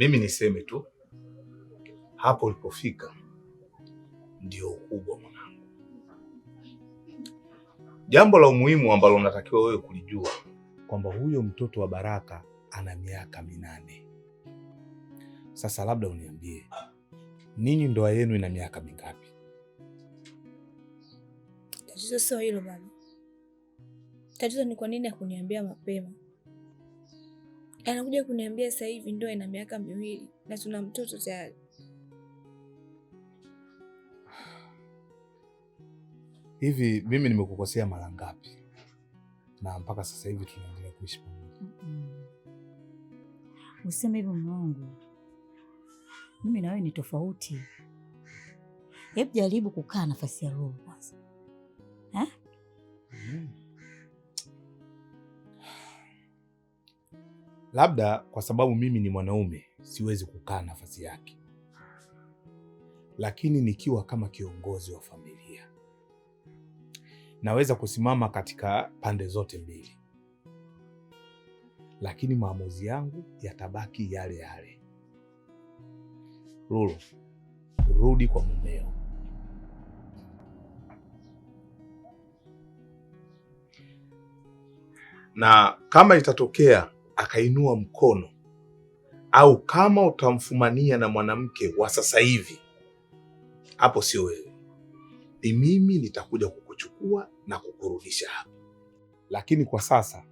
Mimi niseme tu hapo ulipofika ndio ukubwa mwanangu. Jambo la umuhimu ambalo unatakiwa wewe kulijua kwamba huyo mtoto wa Baraka ana miaka minane. Sasa labda uniambie, ninyi ndoa yenu ina miaka mingapi? Tatizo sio hilo mama, tatizo ni kwa nini kuniambia mapema anakuja kuniambia sasa hivi ndoa ina miaka miwili na tuna mtoto tayari. Hivi mimi nimekukosea mara ngapi na mpaka sasa hivi tunaendelea kuishi pamoja? Useme hivyo mume wangu, mimi na wewe ni tofauti. Hebu jaribu kukaa nafasi ya roho kwanza. labda kwa sababu mimi ni mwanaume siwezi kukaa nafasi yake, lakini nikiwa kama kiongozi wa familia naweza kusimama katika pande zote mbili, lakini maamuzi yangu yatabaki yale yale. Lulu, rudi kwa mumeo. Na kama itatokea akainua mkono, au kama utamfumania na mwanamke wa sasa hivi, hapo sio wewe, ni mimi nitakuja kukuchukua na kukurudisha hapo. Lakini kwa sasa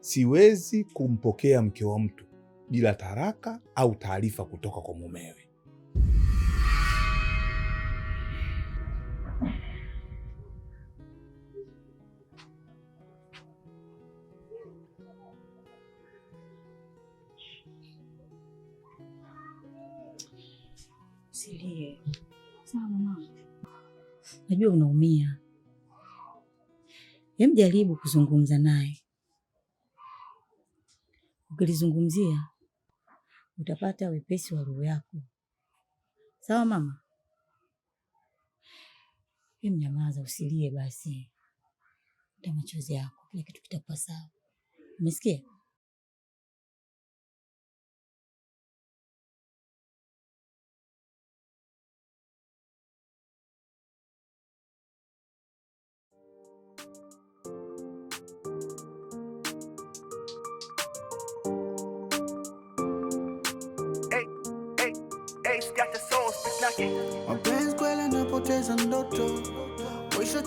siwezi kumpokea mke wa mtu bila taraka au taarifa kutoka kwa mumewe. najua unaumia. Hem, jaribu kuzungumza naye. Ukilizungumzia utapata wepesi wa roho yako. Sawa mama? Hem, nyamaza, usilie basi, ta machozi yako, kila kitu kitakuwa sawa. Umesikia?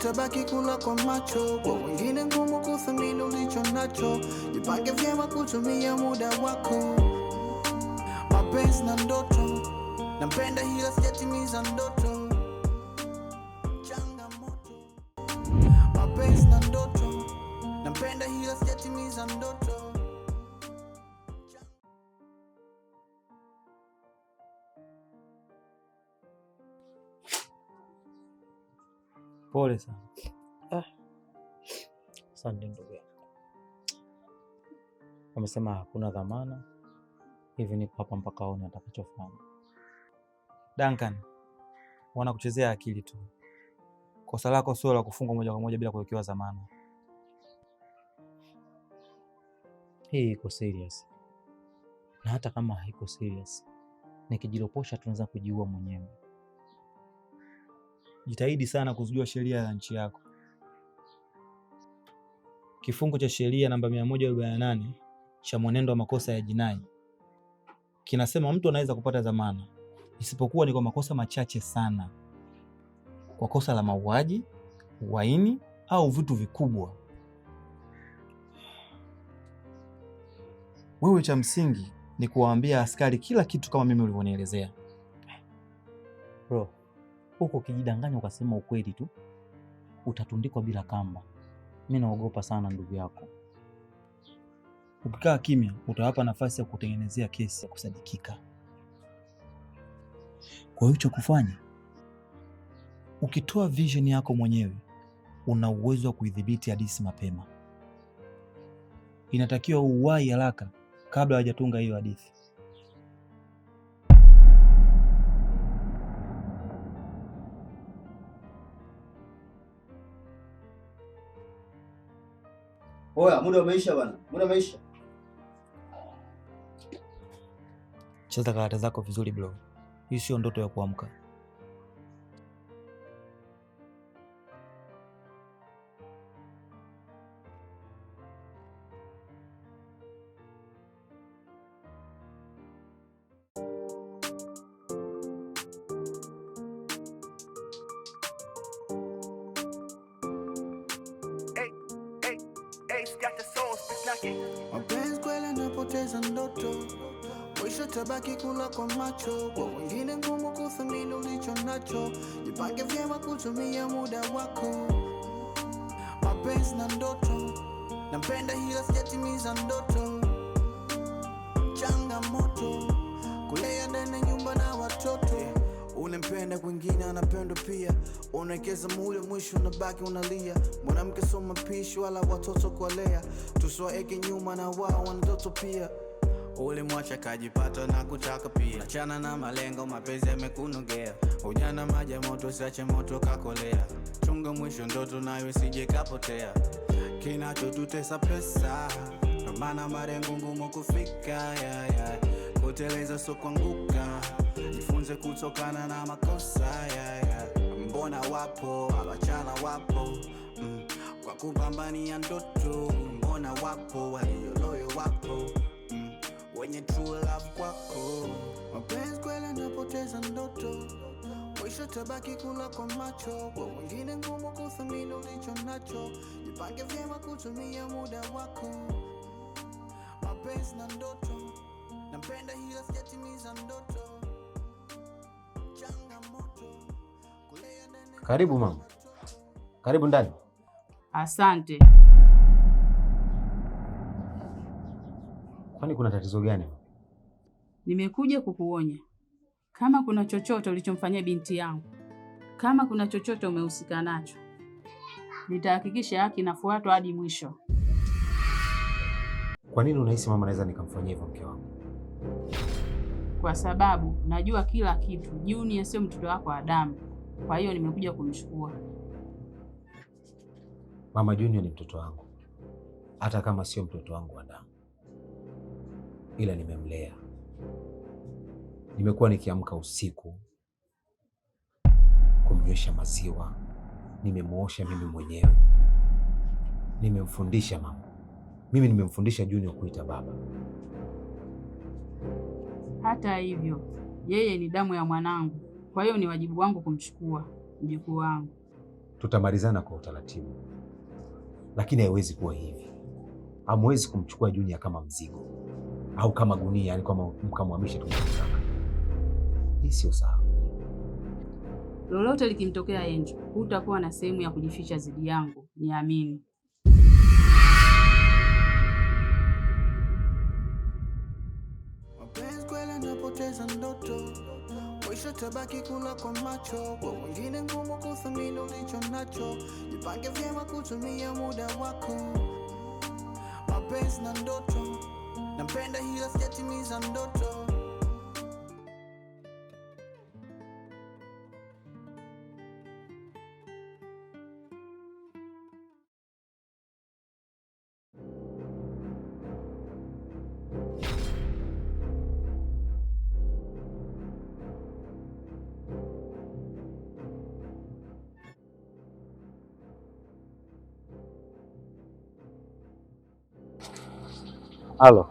utabaki kula kwa macho, kwa wengine ngumu kuthamini ulicho nacho. Jipange vyema kutumia muda wako, mapenzi na ndoto. Nampenda hila sijatimiza ndoto, changamoto. Mapenzi na ndoto, nampenda hila sijatimiza ndoto Pole sana. Ah. Asante ndugu yangu. Wamesema hakuna dhamana, hivi niko hapa mpaka aone atakachofanya. Duncan, wanakuchezea akili tu. Kosa lako sio la kufungwa moja kwa moja bila kuwekewa dhamana. Hii iko serious, na hata kama haiko serious, nikijiloposha tunaweza kujiua mwenyewe jitahidi sana kuzijua sheria za nchi yako. Kifungu cha sheria namba 148 cha mwenendo wa makosa ya jinai kinasema mtu anaweza kupata dhamana isipokuwa ni kwa makosa machache sana, kwa kosa la mauaji, uhaini au vitu vikubwa. Wewe cha msingi ni kuwaambia askari kila kitu kama mimi ulivyonielezea, bro huko ukijidanganya ukasema ukweli tu utatundikwa bila kamba. Mi naogopa sana ndugu yako. Ukikaa kimya, utawapa nafasi ya kutengenezea kesi ya kusadikika. Kwa hiyo cha kufanya, ukitoa vision yako mwenyewe, una uwezo wa kuidhibiti hadisi mapema. Inatakiwa uwai haraka kabla hawajatunga hiyo hadithi. Oya, muda umeisha wana muda umeisha. Cheza karata zako vizuri bro, hii sio ndoto ya kuamka. Mapenzi kweli anapoteza ndoto, mwisho tabaki kula kwa macho. Kwa wengine ngumu kuthamini ulicho nacho, jipange vyema kutumia muda wako. Mapenzi na ndoto, nampenda hila sijatimiza ndoto. Changamoto kulea ndani nyumba na watoto Unempenda kwingine anapendwa pia, unaekeza muda mwisho unabaki unalia. Mwanamke sio mapishi wala watoto kuwalea, tusiwaeke nyuma na wao wana ndoto pia. Ulimwacha kajipata na kutaka pia, achana na malengo, mapenzi yamekunogea. Ujana maji moto, siache moto kakolea. Chunga mwisho ndoto nayo sije kapotea. Kinachotutesa pesa, ndio maana malengo ngumu kufika. Kuteleza so kuanguka Jifunze kutokana na makosa yeah, yeah. Mbona wapo hawachana wapo mm. Kwa kupambania ndoto mbona wapo walioloyo wapo mm. Wenye true love kwako mapenzi kweli anapoteza ndoto Mwisho tabaki kula kwa macho, kwa mwingine ngumu kuthamini ulicho nacho. Jipange vyema kutumia muda wako, mapenzi na ndoto. Nampenda hila sijatimiza ndoto Karibu mama, karibu ndani. Asante. Kwani kuna tatizo gani? Nimekuja kukuonya kama kuna chochote ulichomfanyia binti yangu, kama kuna chochote umehusika nacho, nitahakikisha haki inafuatwa hadi mwisho. Kwa nini unahisi mama naweza nikamfanyia hivyo mke wangu? Kwa sababu najua kila kitu. Junior sio mtoto wako wa damu. Kwa hiyo nimekuja kumchukua. Mama Junior ni mtoto wangu, hata kama sio mtoto wangu wa damu, ila nimemlea. Nimekuwa nikiamka usiku kumnywesha maziwa, nimemwosha mimi mwenyewe, nimemfundisha mama, mimi nimemfundisha Junior kuita baba. Hata hivyo, yeye ni damu ya mwanangu kwa hiyo ni wajibu wangu kumchukua mjukuu wangu. Tutamalizana kwa utaratibu, lakini haiwezi kuwa hivi. Hamwezi kumchukua Junior kama mzigo au kama gunia, yani kama mkamhamisha tumtaka. Hii sio sawa. Lolote likimtokea Enjo, hutakuwa na sehemu ya kujificha zidi yangu, niamini. kesho tabaki kula kwa macho, kwa mwingine ngumu kuthamini ulicho nacho. Jipange vyema kutumia muda wako, mapenzi na ndoto. Nampenda hila sijatimiza ndoto Halo.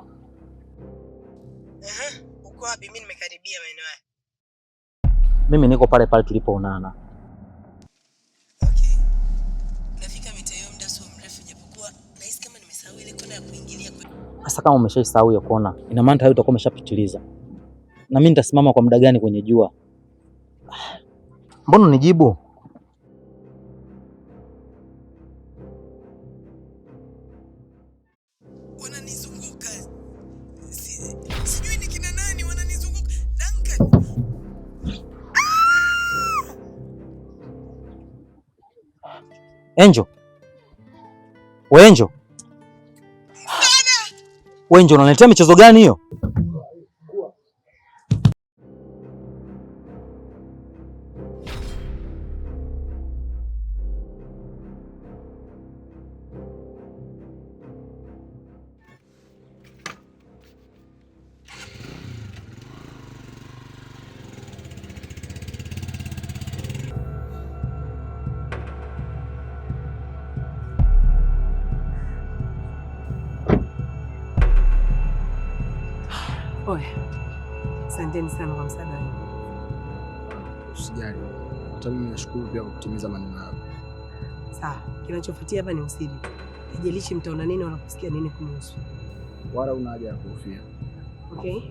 Aha, Uko wapi? Mimi nimekaribia maeneo haya. Mimi niko pale pale tulipoonana. Okay. kama nimesahau ile ya Sasa kama umeshaisahau hiyo kona, ina maana tayari utakuwa umeshapitiliza. Na mimi nitasimama kwa muda gani kwenye jua? Ah, mbona nijibu? enjo We wenjo We unaletea michezo gani hiyo? Asanteni sana kwa msaada wenu. Usijali, hata mimi nashukuru pia kwa kutimiza maneno yako. Sawa, kinachofuatia hapa ni usiri, haijalishi mtaona nini wala nini kunihusu, wala una haja ya kuhofia. Okay.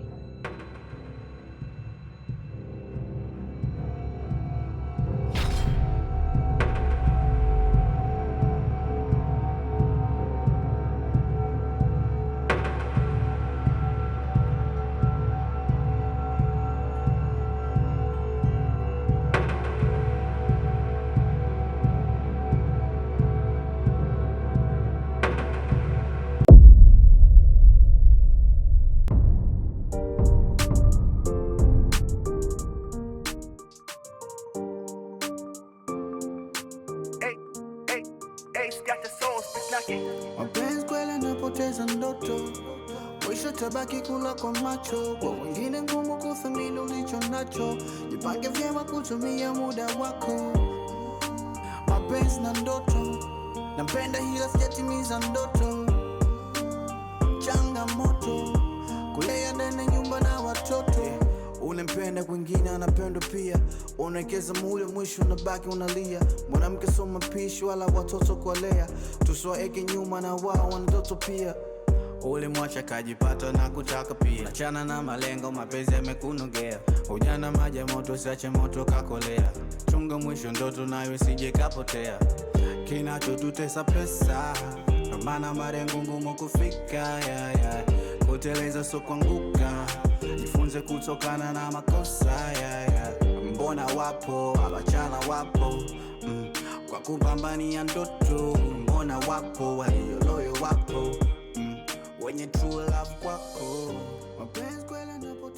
ndoto, mwisho tabaki kula kwa macho, kwa wengine ngumu kuthamini ulicho nacho. Jipange vyema kutumia muda wako, mapenzi na ndoto. Nampenda hila sijatimiza ndoto, changamoto, kulea ndani nyumba na watoto Unampenda kwingine anapendwa pia, unaekeza muda mwisho unabaki unalia. Mwanamke sio mapishi wala watoto kuwalea, tusiwaeke nyuma na wao wana ndoto pia. Ulimwacha kajipata na kutaka pia, achana na malengo, mapenzi yamekunogea. Ujana maji ya moto, siache moto kakolea. Chunga mwisho ndoto nayo sije kapotea. Kinachotutesa pesa, ndo maana mara ngumu kufika yeah, yeah. Kuteleza so kuanguka, jifunze kutokana na makosa yeah, Mbona wapo abachana wapo mm. kwa kupambania ndoto. Mbona wapo walioloyo wapo kwenye true love kwako, mapenzi kweli ndoto